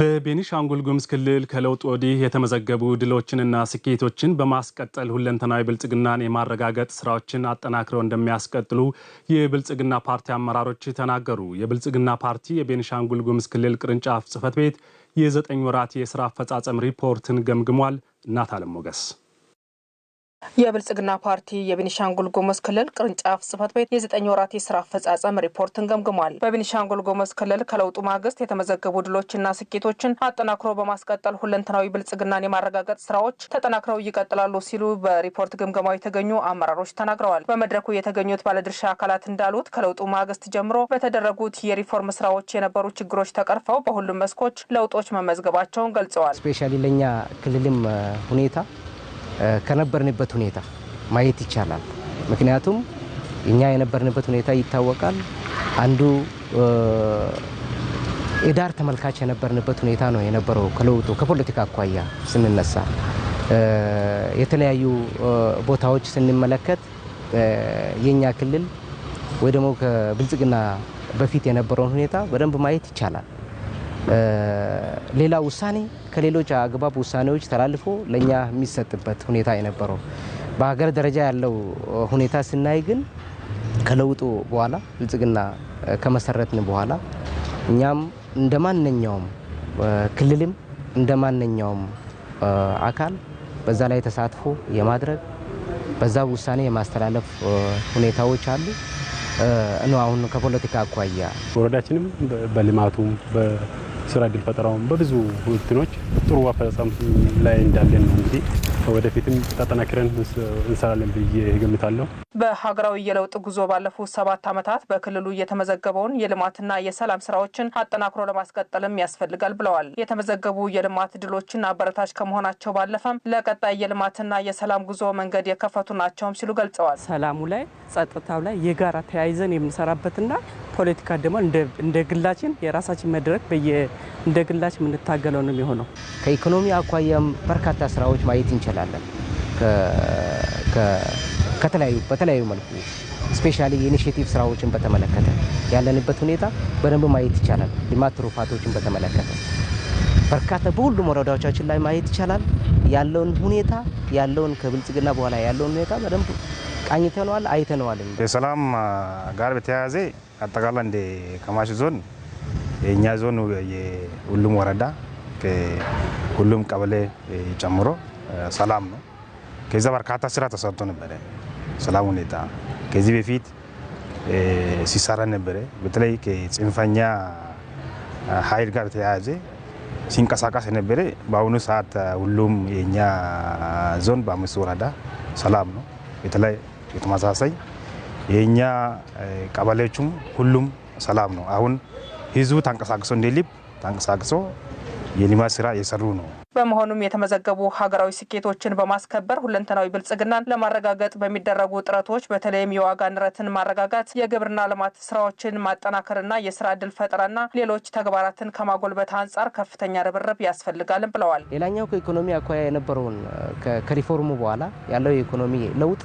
በቤኒሻንጉል ጉሙዝ ክልል ከለውጥ ወዲህ የተመዘገቡ ድሎችንና ስኬቶችን በማስቀጠል ሁለንተናዊ ብልጽግናን የማረጋገጥ ስራዎችን አጠናክረው እንደሚያስቀጥሉ የብልጽግና ፓርቲ አመራሮች ተናገሩ። የብልጽግና ፓርቲ የቤኒሻንጉል ጉምዝ ክልል ቅርንጫፍ ጽህፈት ቤት የዘጠኝ ወራት የስራ አፈጻጸም ሪፖርትን ገምግሟል። እናት አለም ሞገስ የብልጽግና ፓርቲ የቤኒሻንጉል ጉሙዝ ክልል ቅርንጫፍ ጽህፈት ቤት የዘጠኝ ወራት የስራ አፈጻጸም ሪፖርትን ገምግሟል። በቤኒሻንጉል ጉሙዝ ክልል ከለውጡ ማግስት የተመዘገቡ ድሎችና ስኬቶችን አጠናክሮ በማስቀጠል ሁለንተናዊ ብልጽግናን የማረጋገጥ ስራዎች ተጠናክረው ይቀጥላሉ ሲሉ በሪፖርት ግምገማው የተገኙ አመራሮች ተናግረዋል። በመድረኩ የተገኙት ባለድርሻ አካላት እንዳሉት ከለውጡ ማግስት ጀምሮ በተደረጉት የሪፎርም ስራዎች የነበሩ ችግሮች ተቀርፈው በሁሉም መስኮች ለውጦች መመዝገባቸውን ገልጸዋል። ስፔሻሊ ለእኛ ክልልም ሁኔታ ከነበርንበት ሁኔታ ማየት ይቻላል። ምክንያቱም እኛ የነበርንበት ሁኔታ ይታወቃል። አንዱ የዳር ተመልካች የነበርንበት ሁኔታ ነው የነበረው። ከለውጡ ከፖለቲካ አኳያ ስንነሳ የተለያዩ ቦታዎች ስንመለከት የኛ ክልል ወይ ደግሞ ከብልጽግና በፊት የነበረውን ሁኔታ በደንብ ማየት ይቻላል። ሌላ ውሳኔ ከሌሎች አግባብ ውሳኔዎች ተላልፎ ለእኛ የሚሰጥበት ሁኔታ የነበረው። በሀገር ደረጃ ያለው ሁኔታ ስናይ ግን ከለውጡ በኋላ ብልጽግና ከመሰረትን በኋላ እኛም እንደ ማንኛውም ክልልም እንደ ማንኛውም አካል በዛ ላይ ተሳትፎ የማድረግ በዛ ውሳኔ የማስተላለፍ ሁኔታዎች አሉ ነው። አሁን ከፖለቲካ አኳያ ወረዳችንም በልማቱም ስራ እድል ፈጠራውን በብዙ ውጥኖች ጥሩ አፈጻጸም ላይ እንዳለን ነው እንግዲህ ወደፊትም ተጠናክረን እንሰራለን ብዬ ገምታለሁ በሀገራዊ የለውጥ ጉዞ ባለፉት ሰባት ዓመታት በክልሉ የተመዘገበውን የልማትና የሰላም ስራዎችን አጠናክሮ ለማስቀጠልም ያስፈልጋል ብለዋል። የተመዘገቡ የልማት ድሎችን አበረታች ከመሆናቸው ባለፈም ለቀጣይ የልማትና የሰላም ጉዞ መንገድ የከፈቱ ናቸውም ሲሉ ገልጸዋል። ሰላሙ ላይ ጸጥታው ላይ የጋራ ተያይዘን የምንሰራበትና ፖለቲካ ደግሞ እንደ ግላችን የራሳችን መድረክ እንደ ግላችን የምንታገለው ነው የሚሆነው። ከኢኮኖሚ አኳያም በርካታ ስራዎች ማየት እንችላለን። ከተለያዩ በተለያዩ መልኩ ስፔሻሊ የኢኒሽቲቭ ስራዎችን በተመለከተ ያለንበት ሁኔታ በደንብ ማየት ይቻላል። ልማት ትሩፋቶችን በተመለከተ በርካታ በሁሉም ወረዳዎቻችን ላይ ማየት ይቻላል። ያለውን ሁኔታ ያለውን ከብልጽግና በኋላ ያለውን ሁኔታ በደንብ ቃኝተነዋል፣ አይተነዋል። የሰላም ጋር በተያያዘ አጠቃላይ እንደ ከማሽ ዞን የእኛ ዞን የሁሉም ወረዳ ሁሉም ቀበሌ ጨምሮ ሰላም ነው። ከዛ በርካታ ስራ ተሰርቶ ነበረ። ሰላም ሁኔታ ከዚህ በፊት ሲሰራ ነበረ። በተለይ ከጽንፈኛ ኃይል ጋር ተያያዘ ሲንቀሳቀስ ነበረ። በአሁኑ ሰዓት ሁሉም የእኛ ዞን በአምስት ወረዳ ሰላም ነው። የተመሳሳይ የእኛ ቀበሌዎቹም ሁሉም ሰላም ነው። አሁን ህዝቡ ተንቀሳቅሶ እንደሊብ ተንቀሳቅሶ የልማት ስራ እየሰሩ ነው። በመሆኑም የተመዘገቡ ሀገራዊ ስኬቶችን በማስከበር ሁለንተናዊ ብልጽግናን ለማረጋገጥ በሚደረጉ ጥረቶች በተለይም የዋጋ ንረትን ማረጋጋት፣ የግብርና ልማት ስራዎችን ማጠናከርና የስራ እድል ፈጠራና ሌሎች ተግባራትን ከማጎልበት አንጻር ከፍተኛ ርብርብ ያስፈልጋልም ብለዋል። ሌላኛው ከኢኮኖሚ አኳያ የነበረውን ከሪፎርሙ በኋላ ያለው የኢኮኖሚ ለውጥ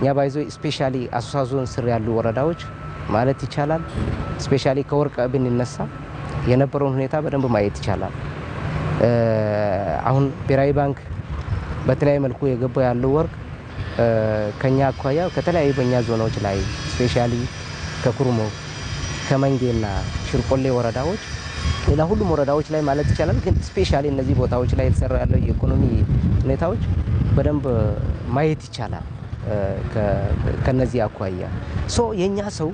እኛ ባይዞ ስፔሻሊ አሶሳ ዞን ስር ያሉ ወረዳዎች ማለት ይቻላል ስፔሻሊ ከወርቅ ብንነሳ የነበረውን ሁኔታ በደንብ ማየት ይቻላል። አሁን ብሔራዊ ባንክ በተለያዩ መልኩ የገባው ያለው ወርቅ ከኛ አኳያ ከተለያዩ በእኛ ዞኖች ላይ ስፔሻሊ ከኩርሞ ከመንጌና ሽርቆሌ ወረዳዎች ሌላ ሁሉም ወረዳዎች ላይ ማለት ይቻላል። ግን ስፔሻሊ እነዚህ ቦታዎች ላይ የተሰራ ያለው የኢኮኖሚ ሁኔታዎች በደንብ ማየት ይቻላል። ከነዚህ አኳያ ሶ የእኛ ሰው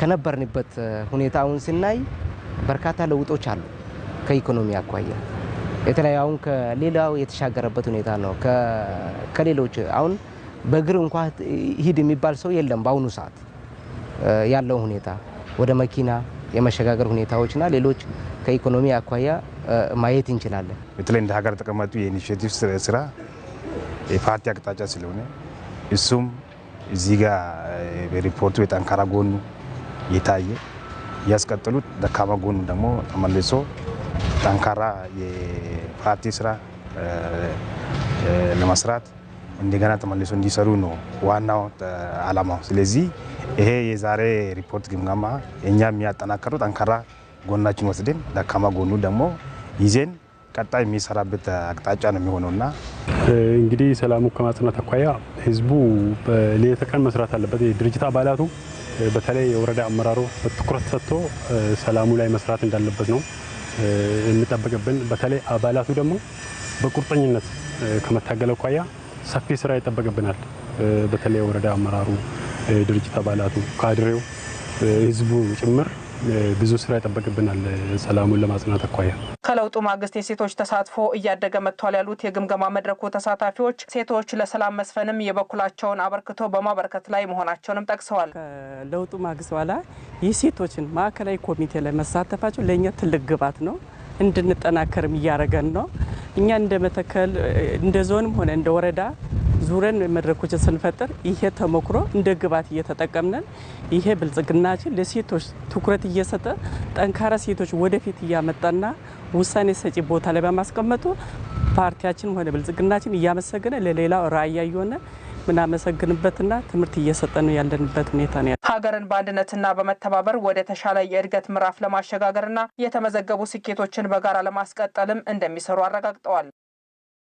ከነበርንበት ሁኔታ አሁን ስናይ በርካታ ለውጦች አሉ። ከኢኮኖሚ አኳያ የተለያዩ አሁን ከሌላው የተሻገረበት ሁኔታ ነው። ከሌሎች አሁን በእግር እንኳ ሂድ የሚባል ሰው የለም። በአሁኑ ሰዓት ያለው ሁኔታ ወደ መኪና የመሸጋገር ሁኔታዎችና ሌሎች ከኢኮኖሚ አኳያ ማየት እንችላለን። በተለይ እንደ ሀገር ተቀመጡ የኢኒሽቲቭ ስራ የፓርቲ አቅጣጫ ስለሆነ እሱም እዚህ ጋር በሪፖርቱ የጠንካራ ጎኑ የታየ ያስቀጥሉት፣ ደካማ ጎኑ ደግሞ ተመልሶ ጠንካራ የፓርቲ ስራ ለመስራት እንደገና ተመልሶ እንዲሰሩ ነው ዋናው አላማው። ስለዚህ ይሄ የዛሬ ሪፖርት ግምገማ እኛ የሚያጠናከሩ ጠንካራ ጎናችን ወስደን ደካማ ጎኑ ደግሞ ይዜን ቀጣይ የሚሰራበት አቅጣጫ ነው የሚሆነውና እንግዲህ ሰላሙ ከማጽናት አኳያ ህዝቡ ሌት ተቀን መስራት አለበት። የድርጅት አባላቱ በተለይ የወረዳ አመራሩ በትኩረት ሰጥቶ ሰላሙ ላይ መስራት እንዳለበት ነው የሚጠበቅብን። በተለይ አባላቱ ደግሞ በቁርጠኝነት ከመታገል አኳያ ሰፊ ስራ ይጠበቅብናል። በተለይ የወረዳ አመራሩ፣ ድርጅት አባላቱ፣ ካድሬው፣ ህዝቡ ጭምር ብዙ ስራ ይጠበቅብናል ሰላሙን ለማጽናት አኳያ ከለውጡ ማግስት የሴቶች ተሳትፎ እያደገ መጥቷል ያሉት የግምገማ መድረኩ ተሳታፊዎች ሴቶች ለሰላም መስፈንም የበኩላቸውን አበርክቶ በማበረከት ላይ መሆናቸውንም ጠቅሰዋል። ከለውጡ ማግስት በኋላ የሴቶችን ማዕከላዊ ኮሚቴ ላይ መሳተፋቸው ለእኛ ትልቅ ግባት ነው፣ እንድንጠናከርም እያደረገን ነው። እኛ እንደ መተከል እንደ ዞንም ሆነ እንደ ወረዳ ዙረን መድረኮችን ስንፈጥር ይሄ ተሞክሮ እንደ ግባት እየተጠቀምነን ይሄ ብልጽግናችን ለሴቶች ትኩረት እየሰጠ ጠንካራ ሴቶች ወደፊት እያመጣና ውሳኔ ሰጪ ቦታ ላይ በማስቀመጡ ፓርቲያችን ሆነ ብልጽግናችን እያመሰገነ ለሌላው ራዕይ እየሆነ ምናመሰግንበትና ትምህርት እየሰጠን ያለንበት ሁኔታ ነው። ሀገርን በአንድነትና በመተባበር ወደ ተሻለ የእድገት ምዕራፍ ለማሸጋገርና የተመዘገቡ ስኬቶችን በጋራ ለማስቀጠልም እንደሚሰሩ አረጋግጠዋል።